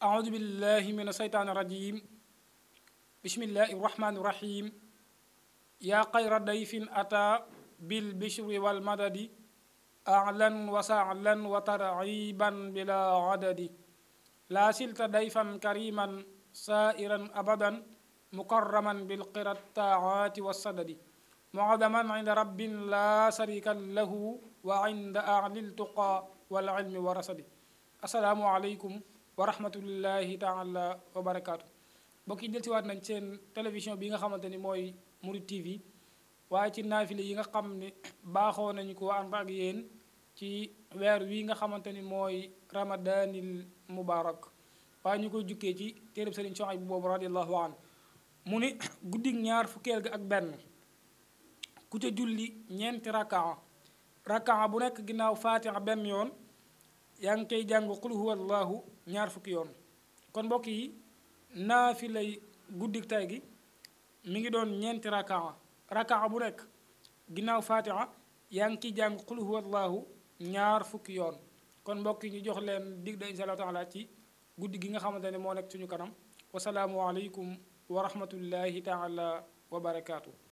أعوذ بالله من الشيطان الرجيم بسم الله الرحمن الرحيم يا قير ضيف أتى بالبشر والمدد أعلا وسعلا وترعيبا بلا عدد لا سلت ضيفا كريما سائرا أبدا مكرما بالقرى الطاعات والسدد معظما عند رب لا شريك له وعند أعلى التقى والعلم ورسد السلام عليكم wa rahmatullahi taala wa bokki mbokk ci wat nañ seen télévision bi nga xamanteni moy Mouride TV waaye ci naafile yi nga xam baxo nañ ko ànd ak yeen ci wèr wi nga xamanteni moy ramadanil mubarak waaye ñu ko jukkee ci téereb Sëriñ Suhaybu bobu radiyallahu an muni guddik ñaar fukel ga ak ben ku ca julli ñent rak'a rak'a bu nek ginnaaw fatiha ben yoon yaa ngi koy jàng qul huwa allahu ñaar fukki yoon kon mbokk yi naafila yi guddik tay gi mu ngi doon ñeenti rakaa rakaa bu nekk ginnaaw fatiha yaa ngi ciy jàng qul huwa allahu ñaar fukki yoon kon mbokk yi ñu jox leen dig da insha allahu taala ci guddi gi nga xamante ne moo nekk suñu kanam wasalaamu aleykum wa rahmatullahi taala wa